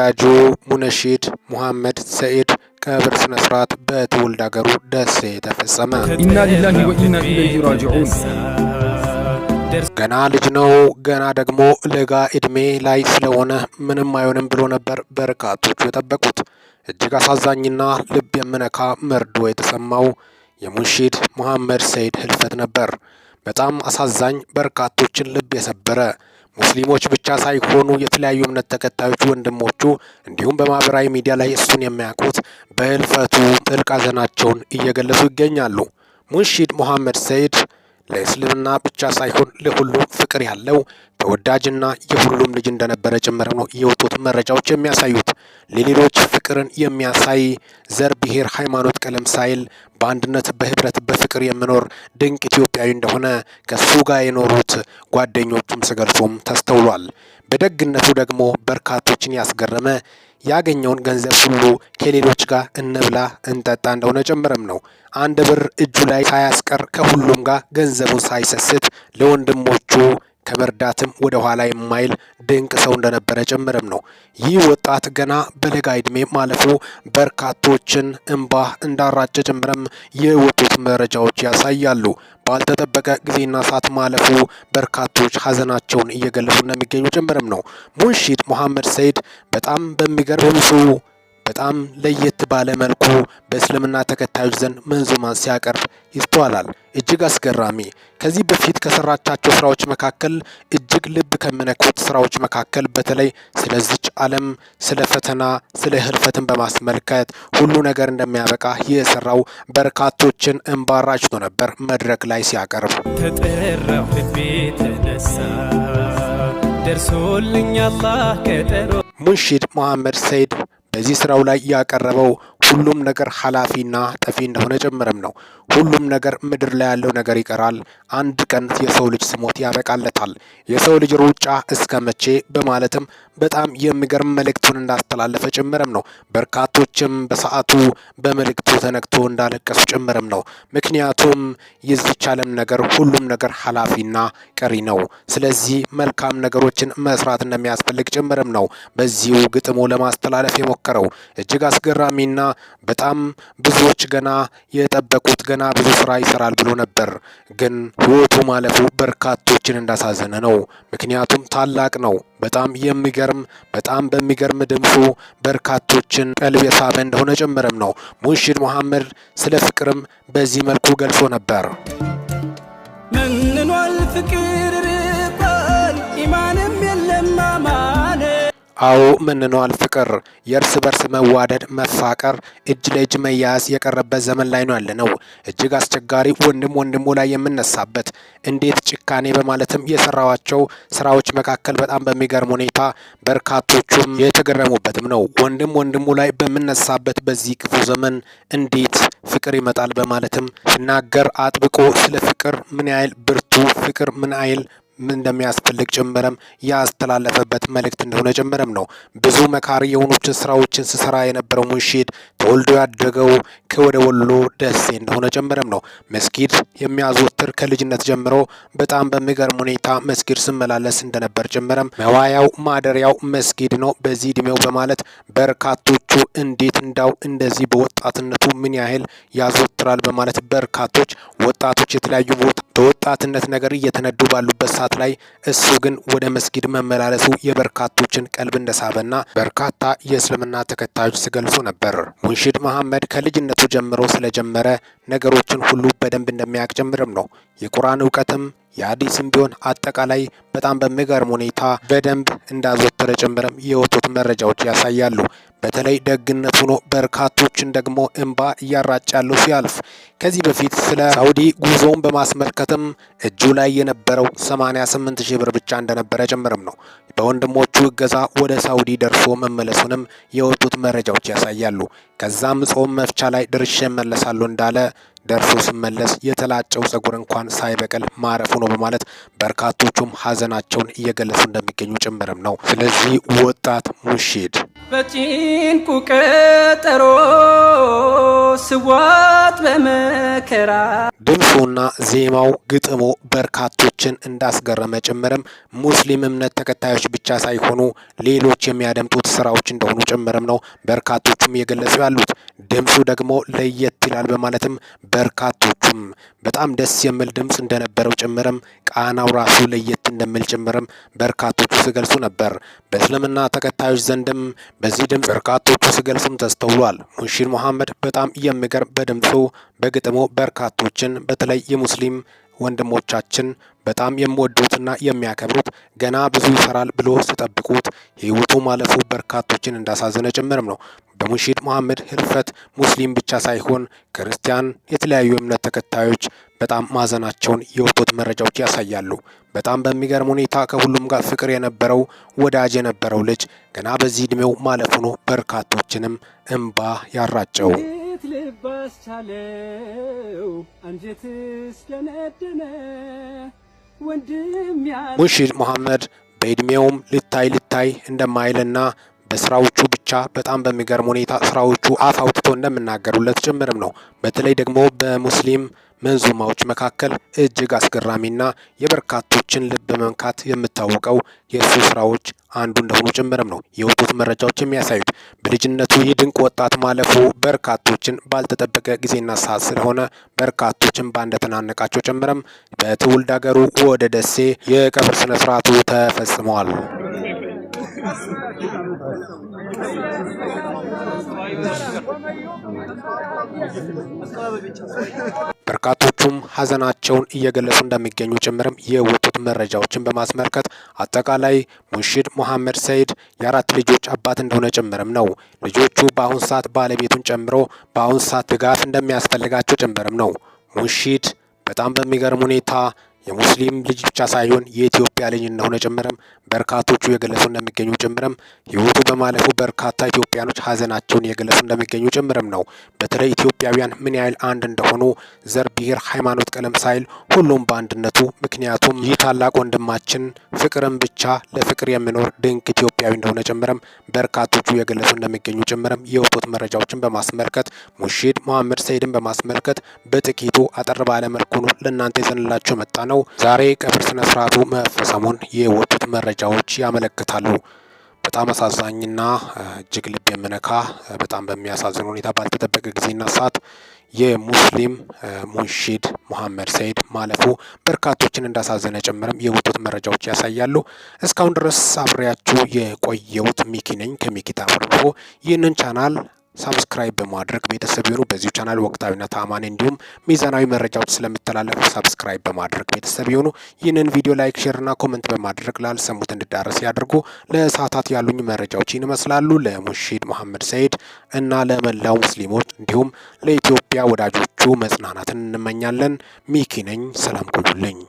ወዳጁ ሙነሺድ ሙሐመድ ሰኢድ ቀብር ስነ ስርዓት በትውልድ አገሩ ደሴ ተፈጸመ። ኢና ሊላሂ ወኢና ኢለይሂ ራጂዑን። ገና ልጅ ነው። ገና ደግሞ ለጋ እድሜ ላይ ስለሆነ ምንም አይሆንም ብሎ ነበር በርካቶቹ የጠበቁት። እጅግ አሳዛኝና ልብ የሚነካ መርዶ የተሰማው የሙንሺድ ሙሐመድ ሰኢድ ህልፈት ነበር። በጣም አሳዛኝ፣ በርካቶችን ልብ የሰበረ ሙስሊሞች ብቻ ሳይሆኑ የተለያዩ እምነት ተከታዮች ወንድሞቹ እንዲሁም በማህበራዊ ሚዲያ ላይ እሱን የሚያውቁት በህልፈቱ ጥልቅ ሐዘናቸውን እየገለጹ ይገኛሉ። ሙንሺድ ሙሐመድ ሰይድ ለእስልምና ብቻ ሳይሆን ለሁሉም ፍቅር ያለው ተወዳጅና የሁሉም ልጅ እንደነበረ ጭምር ነው የወጡት መረጃዎች የሚያሳዩት። ለሌሎች ፍቅርን የሚያሳይ ዘር፣ ብሔር፣ ሃይማኖት፣ ቀለም ሳይል በአንድነት በህብረት በፍቅር የምኖር ድንቅ ኢትዮጵያዊ እንደሆነ ከሱ ጋር የኖሩት ጓደኞቹም ሲገልጹም ተስተውሏል። በደግነቱ ደግሞ በርካቶችን ያስገረመ ያገኘውን ገንዘብ ሁሉ ከሌሎች ጋር እንብላ እንጠጣ እንደሆነ ጨምረም ነው። አንድ ብር እጁ ላይ ሳያስቀር ከሁሉም ጋር ገንዘቡን ሳይሰስት ለወንድሞቹ ከመርዳትም ወደ ኋላ የማይል ድንቅ ሰው እንደነበረ ጭምርም ነው። ይህ ወጣት ገና በለጋ እድሜ ማለፉ በርካቶችን እንባ እንዳራጨ ጭምርም የወጡት መረጃዎች ያሳያሉ። ባልተጠበቀ ጊዜና ሰዓት ማለፉ በርካቶች ሀዘናቸውን እየገለጹ እንደሚገኙ ጭምርም ነው። ሙንሺድ ሙሐመድ ሰይድ በጣም በሚገርም በጣም ለየት ባለ መልኩ በእስልምና ተከታዮች ዘንድ መንዙማን ሲያቀርብ ይስተዋላል። እጅግ አስገራሚ። ከዚህ በፊት ከሰራቻቸው ስራዎች መካከል እጅግ ልብ ከሚነኩት ስራዎች መካከል በተለይ ስለዚች ዓለም፣ ስለ ፈተና፣ ስለ ህልፈትን በማስመልከት ሁሉ ነገር እንደሚያበቃ የሰራው በርካቶችን እምባራጭቶ ነበር መድረክ ላይ ሲያቀርብ ተጠራሁ ልቤ ተነሳ ቀጠሮ ሙንሺድ መሐመድ ሰይድ በዚህ ስራው ላይ ያቀረበው ሁሉም ነገር ኃላፊና ጠፊ እንደሆነ ጭምርም ነው። ሁሉም ነገር ምድር ላይ ያለው ነገር ይቀራል። አንድ ቀን የሰው ልጅ ስሞት ያበቃለታል። የሰው ልጅ ሩጫ እስከ መቼ? በማለትም በጣም የሚገርም መልእክቱን እንዳስተላለፈ ጭምርም ነው። በርካቶችም በሰዓቱ በመልእክቱ ተነክቶ እንዳለቀሱ ጭምርም ነው። ምክንያቱም የዚች ዓለም ነገር ሁሉም ነገር ኃላፊና ቀሪ ነው። ስለዚህ መልካም ነገሮችን መስራት እንደሚያስፈልግ ጭምርም ነው በዚሁ ግጥሙ ለማስተላለፍ የሞከረው እጅግ አስገራሚና በጣም ብዙዎች ገና የጠበቁት ገና ብዙ ስራ ይሰራል ብሎ ነበር፣ ግን ህይወቱ ማለፉ በርካቶችን እንዳሳዘነ ነው። ምክንያቱም ታላቅ ነው። በጣም የሚገርም በጣም በሚገርም ድምፁ በርካቶችን ቀልብ የሳበ እንደሆነ ጭምርም ነው። ሙንሽድ መሐመድ ስለ ፍቅርም በዚህ መልኩ ገልጾ ነበር። መንኗል ፍቅር ርቋል፣ ኢማንም የለም አዎ መንኗል። ፍቅር የእርስ በርስ መዋደድ፣ መፋቀር፣ እጅ ለእጅ መያያዝ የቀረበት ዘመን ላይ ነው ያለ ነው። እጅግ አስቸጋሪ ወንድም ወንድሙ ላይ የምነሳበት እንዴት ጭካኔ በማለትም የሰራዋቸው ስራዎች መካከል በጣም በሚገርም ሁኔታ በርካቶቹም የተገረሙበትም ነው። ወንድም ወንድሙ ላይ በምነሳበት በዚህ ክፉ ዘመን እንዴት ፍቅር ይመጣል በማለትም ሲናገር አጥብቆ ስለ ፍቅር ምን ያህል ብርቱ ፍቅር ምን ያህል ምን እንደሚያስፈልግ ጭምርም ያስተላለፈበት መልእክት እንደሆነ ጭምርም ነው። ብዙ መካሪ የሆኑትን ስራዎችን ስሰራ የነበረው ሙንሺድ ተወልዶ ያደገው ከወደ ወሎ ደሴ እንደሆነ ጭምርም ነው። መስጊድ የሚያዘወትር ከልጅነት ጀምሮ በጣም በሚገርም ሁኔታ መስጊድ ስመላለስ እንደነበር ጭምርም መዋያው ማደሪያው መስጊድ ነው በዚህ እድሜው በማለት በርካቶቹ እንዴት እንዳው እንደዚህ በወጣትነቱ ምን ያህል ያዘወትራል በማለት በርካቶች ወጣቶች የተለያዩ ቦታ በወጣትነት ነገር እየተነዱ ባሉበት ሰዓት ላይ እሱ ግን ወደ መስጊድ መመላለሱ የበርካቶችን ቀልብ እንደሳበና በርካታ የእስልምና ተከታዮች ሲገልጹ ነበር። ሙንሽድ መሐመድ ከልጅነት ከልጅነቱ ጀምሮ ስለጀመረ ነገሮችን ሁሉ በደንብ እንደሚያቅ ጀምርም ነው። የቁርአን እውቀትም የአዲስም ቢሆን አጠቃላይ በጣም በሚገርም ሁኔታ በደንብ እንዳዘወተረ ጭምርም የወጡት መረጃዎች ያሳያሉ። በተለይ ደግነት ሆኖ በርካቶችን ደግሞ እንባ እያራጭ ያለው ሲያልፍ ከዚህ በፊት ስለ ሳውዲ ጉዞውን በማስመልከትም እጁ ላይ የነበረው 88 ሺህ ብር ብቻ እንደነበረ ጭምርም ነው። በወንድሞቹ እገዛ ወደ ሳውዲ ደርሶ መመለሱንም የወጡት መረጃዎች ያሳያሉ። ከዛም ጾም መፍቻ ላይ ድርሼ እመለሳለሁ እንዳለ ደርሶ ሲመለስ የተላጨው ጸጉር እንኳን ሳይበቅል ማረፉ ነው በማለት በርካቶቹም ሀዘናቸውን እየገለጹ እንደሚገኙ ጭምርም ነው። ስለዚህ ወጣት ሙሽድ በጭንቁ ቀጠሮ ስዋት በመ መከራ ድምፁና ዜማው ግጥሙ በርካቶችን እንዳስገረመ ጭምርም ሙስሊም እምነት ተከታዮች ብቻ ሳይሆኑ ሌሎች የሚያደምጡት ስራዎች እንደሆኑ ጭምርም ነው በርካቶቹም እየገለጹ ያሉት። ድምፁ ደግሞ ለየት ይላል በማለትም በርካቶቹም በጣም ደስ የሚል ድምፅ እንደነበረው ጭምርም ቃናው ራሱ ለየት እንደሚል ጭምርም በርካቶቹ ሲገልጹ ነበር። በእስልምና ተከታዮች ዘንድም በዚህ ድምፅ በርካቶቹ ሲገልጹም ተስተውሏል። ሙንሺድ መሐመድ በጣም የሚገርም በድምፁ በግጥሙ በርካቶችን በተለይ የሙስሊም ወንድሞቻችን በጣም የሚወዱትና የሚያከብሩት ገና ብዙ ይሰራል ብሎ ሲጠብቁት ሕይወቱ ማለፉ በርካቶችን እንዳሳዘነ ጭምርም ነው። በሙንሺድ መሐመድ ህልፈት ሙስሊም ብቻ ሳይሆን ክርስቲያን፣ የተለያዩ እምነት ተከታዮች በጣም ማዘናቸውን የወጡት መረጃዎች ያሳያሉ። በጣም በሚገርም ሁኔታ ከሁሉም ጋር ፍቅር የነበረው ወዳጅ የነበረው ልጅ ገና በዚህ ዕድሜው ማለፉ ነው በርካቶችንም እምባ ያራጨው። እንዴት ልባስ ቻለው አንጀትስ ደነደነ ወንድም ያለ ሙንሺድ ልታይ ልታይ እንደማይልና በስራዎቹ ብቻ በጣም በሚገርም ሁኔታ ስራዎቹ አፍ አውጥቶ እንደምናገሩለት ጭምርም ነው። በተለይ ደግሞ በሙስሊም መንዙማዎች መካከል እጅግ አስገራሚና የበርካቶችን ልብ በመንካት የምታወቀው የእሱ ስራዎች አንዱ እንደሆኑ ጭምርም ነው የወጡት መረጃዎች የሚያሳዩት። በልጅነቱ ይህ ድንቅ ወጣት ማለፉ በርካቶችን ባልተጠበቀ ጊዜና ሰዓት ስለሆነ በርካቶችን ባንደተናነቃቸው ጭምርም በትውልድ ሀገሩ ወደ ደሴ የቀብር ስነ ተፈጽመዋል። በርካቶቹም ሀዘናቸውን እየገለጹ እንደሚገኙ ጭምርም የወጡት መረጃዎችን በማስመልከት አጠቃላይ ሙንሺድ ሙሐመድ ሰይድ የአራት ልጆች አባት እንደሆነ ጭምርም ነው። ልጆቹ በአሁን ሰዓት ባለቤቱን ጨምሮ በአሁን ሰዓት ድጋፍ እንደሚያስፈልጋቸው ጭምርም ነው። ሙንሺድ በጣም በሚገርም ሁኔታ የሙስሊም ልጅ ብቻ ሳይሆን የኢትዮጵያ ልጅ እንደሆነ ጭምርም በርካቶቹ የገለጹ እንደሚገኙ ጭምርም ህይወቱ በማለፉ በርካታ ኢትዮጵያኖች ሀዘናቸውን የገለጹ እንደሚገኙ ጭምርም ነው። በተለይ ኢትዮጵያውያን ምን ያህል አንድ እንደሆኑ ዘር፣ ብሔር፣ ሃይማኖት፣ ቀለም ሳይል ሁሉም በአንድነቱ ምክንያቱም ይህ ታላቅ ወንድማችን ፍቅርን ብቻ ለፍቅር የሚኖር ድንቅ ኢትዮጵያዊ እንደሆነ ጭምርም በርካቶቹ የገለጹ እንደሚገኙ ጭምርም የወጡት መረጃዎችን በማስመልከት ሙሺድ መሐመድ ሰይድን በማስመልከት በጥቂቱ አጠር ባለ መልኩ ነው ለእናንተ ይዘንላቸው መጣ ነው። ተፈጽመው ዛሬ ቀብር ስነ ስርዓቱ መፈጸሙን የወጡት መረጃዎች ያመለክታሉ። በጣም አሳዛኝና እጅግ ልብ የምነካ በጣም በሚያሳዝን ሁኔታ ባልተጠበቀ ጊዜና ሰዓት የሙስሊም ሙንሺድ ሙሐመድ ሰይድ ማለፉ በርካቶችን እንዳሳዘነ ጭምርም የወጡት መረጃዎች ያሳያሉ። እስካሁን ድረስ አብሬያችሁ የቆየሁት ሚኪ ነኝ ከሚኪታ ታፈርፎ። ይህንን ቻናል ሳብስክራይብ በማድረግ ቤተሰብ ይሁኑ። በዚሁ ቻናል ወቅታዊና ታማኝ እንዲሁም ሚዛናዊ መረጃዎች ስለሚተላለፉ ሳብስክራይብ በማድረግ ቤተሰብ ይሁኑ። ይህንን ቪዲዮ ላይክ፣ ሼርና ኮመንት በማድረግ ላልሰሙት እንዲዳረስ ያድርጉ። ለሰዓታት ያሉኝ መረጃዎች ይመስላሉ። ለሙርሺድ መሐመድ ሰይድ እና ለመላው ሙስሊሞች እንዲሁም ለኢትዮጵያ ወዳጆቹ መጽናናትን እንመኛለን። ሚኪ ነኝ። ሰላም ቆዩልኝ።